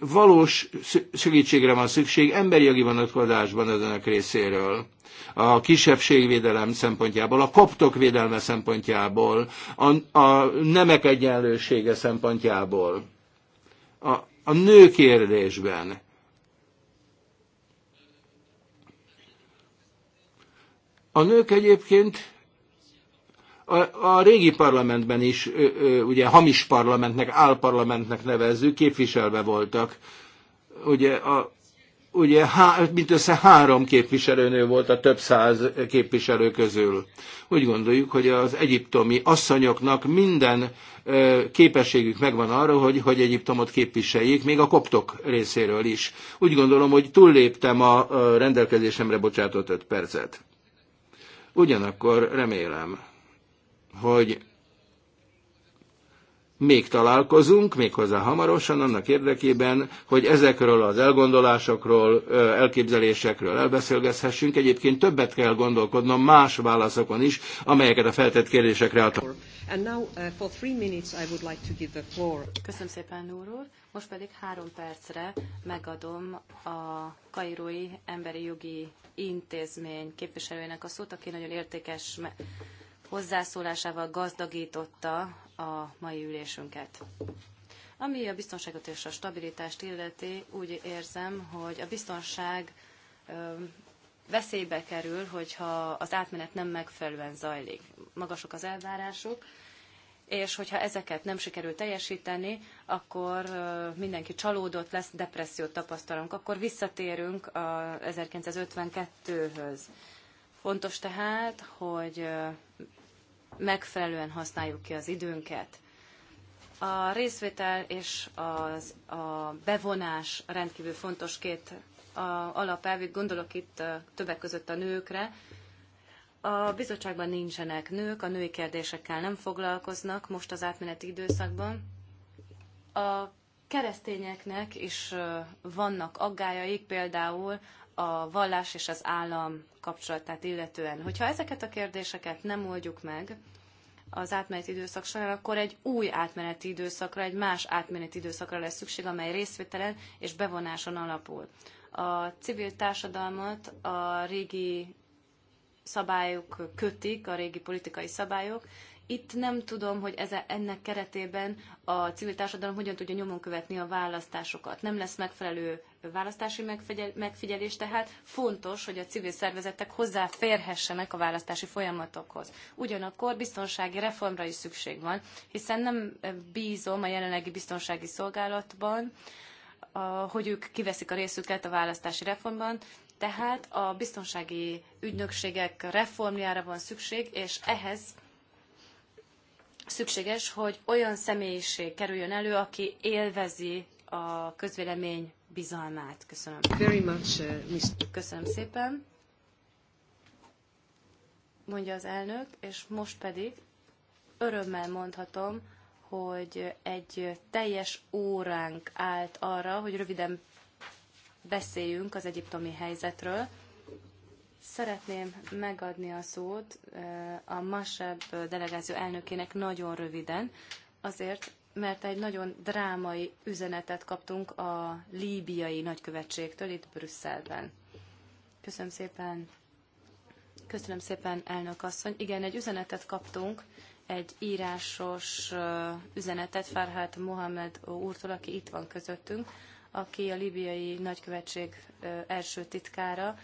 Valós segítségre van szükség emberjogi vonatkozásban az önök részéről a kisebbségvédelem szempontjából, a koptok védelme szempontjából, a, a nemek egyenlősége szempontjából, a, a nő kérdésben. A nők egyébként a, a régi parlamentben is, ö, ö, ugye hamis parlamentnek, álparlamentnek nevezzük, képviselve voltak. Ugye, a, ugye há, mindössze három képviselőnő volt a több száz képviselő közül. Úgy gondoljuk, hogy az egyiptomi asszonyoknak minden képességük megvan arra, hogy, hogy Egyiptomot képviseljék, még a koptok részéről is. Úgy gondolom, hogy túlléptem a rendelkezésemre bocsátott öt percet. Ugyanakkor remélem, hogy még találkozunk, méghozzá hamarosan, annak érdekében, hogy ezekről az elgondolásokról, elképzelésekről elbeszélgethessünk. Egyébként többet kell gondolkodnom más válaszokon is, amelyeket a feltett kérdésekre adtam. Uh, Köszönöm szépen, Núr úr. Most pedig három percre megadom a Kairói Emberi Jogi Intézmény képviselőjének a szót, aki nagyon értékes hozzászólásával gazdagította a mai ülésünket. Ami a biztonságot és a stabilitást illeti, úgy érzem, hogy a biztonság veszélybe kerül, hogyha az átmenet nem megfelelően zajlik. Magasok az elvárások, és hogyha ezeket nem sikerül teljesíteni, akkor mindenki csalódott lesz, depressziót tapasztalunk. Akkor visszatérünk a 1952-höz. Fontos tehát, hogy megfelelően használjuk ki az időnket. A részvétel és az, a bevonás rendkívül fontos két alapelvük, gondolok itt többek között a nőkre. A bizottságban nincsenek nők, a női kérdésekkel nem foglalkoznak most az átmeneti időszakban. A keresztényeknek is vannak aggájaik, például a vallás és az állam kapcsolatát illetően. Hogyha ezeket a kérdéseket nem oldjuk meg az átmeneti időszak során, akkor egy új átmeneti időszakra, egy más átmeneti időszakra lesz szükség, amely részvételen és bevonáson alapul. A civil társadalmat a régi szabályok kötik, a régi politikai szabályok, itt nem tudom, hogy ez, ennek keretében a civil társadalom hogyan tudja nyomon követni a választásokat. Nem lesz megfelelő választási megfigyel, megfigyelés, tehát fontos, hogy a civil szervezetek hozzáférhessenek a választási folyamatokhoz. Ugyanakkor biztonsági reformra is szükség van, hiszen nem eh, bízom a jelenlegi biztonsági szolgálatban, hogy ők kiveszik a részüket a választási reformban, tehát a biztonsági ügynökségek reformjára van szükség, és ehhez szükséges, hogy olyan személyiség kerüljön elő, aki élvezi a közvélemény bizalmát. Köszönöm. Very much, uh, Mr. Köszönöm szépen. Mondja az elnök, és most pedig örömmel mondhatom, hogy egy teljes óránk állt arra, hogy röviden beszéljünk az egyiptomi helyzetről. Szeretném megadni a szót a MASEB delegáció elnökének nagyon röviden, azért, mert egy nagyon drámai üzenetet kaptunk a líbiai nagykövetségtől itt Brüsszelben. Köszönöm szépen. Köszönöm szépen, elnök asszony. Igen, egy üzenetet kaptunk, egy írásos üzenetet Farhat Mohamed úrtól, aki itt van közöttünk, aki a líbiai nagykövetség első titkára,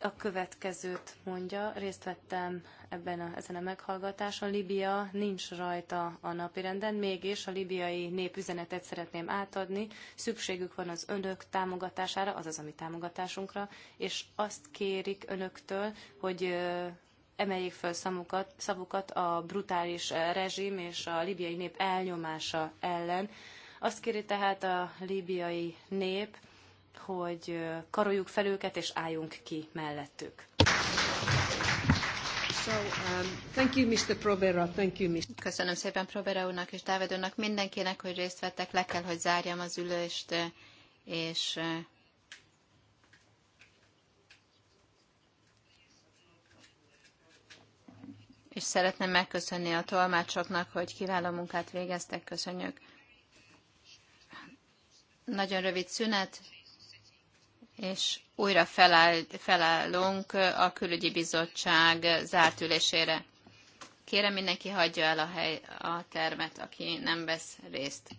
a következőt mondja, részt vettem ebben a, ezen a meghallgatáson. Libia nincs rajta a napirenden, mégis a libiai nép üzenetet szeretném átadni. Szükségük van az önök támogatására, azaz a mi támogatásunkra, és azt kérik önöktől, hogy emeljék föl szavukat, szavukat a brutális rezsim és a libiai nép elnyomása ellen. Azt kéri tehát a libiai nép, hogy karoljuk fel őket, és álljunk ki mellettük. So, um, thank you, Mr. Provera. Thank you, Mr. Köszönöm szépen Provera úrnak és Dávid úrnak, mindenkinek, hogy részt vettek. Le kell, hogy zárjam az ülést, és és szeretném megköszönni a tolmácsoknak, hogy kiváló munkát végeztek. Köszönjük. Nagyon rövid szünet és újra feláll, felállunk a külügyi bizottság zárt ülésére. Kérem mindenki hagyja el a, hely, a termet, aki nem vesz részt.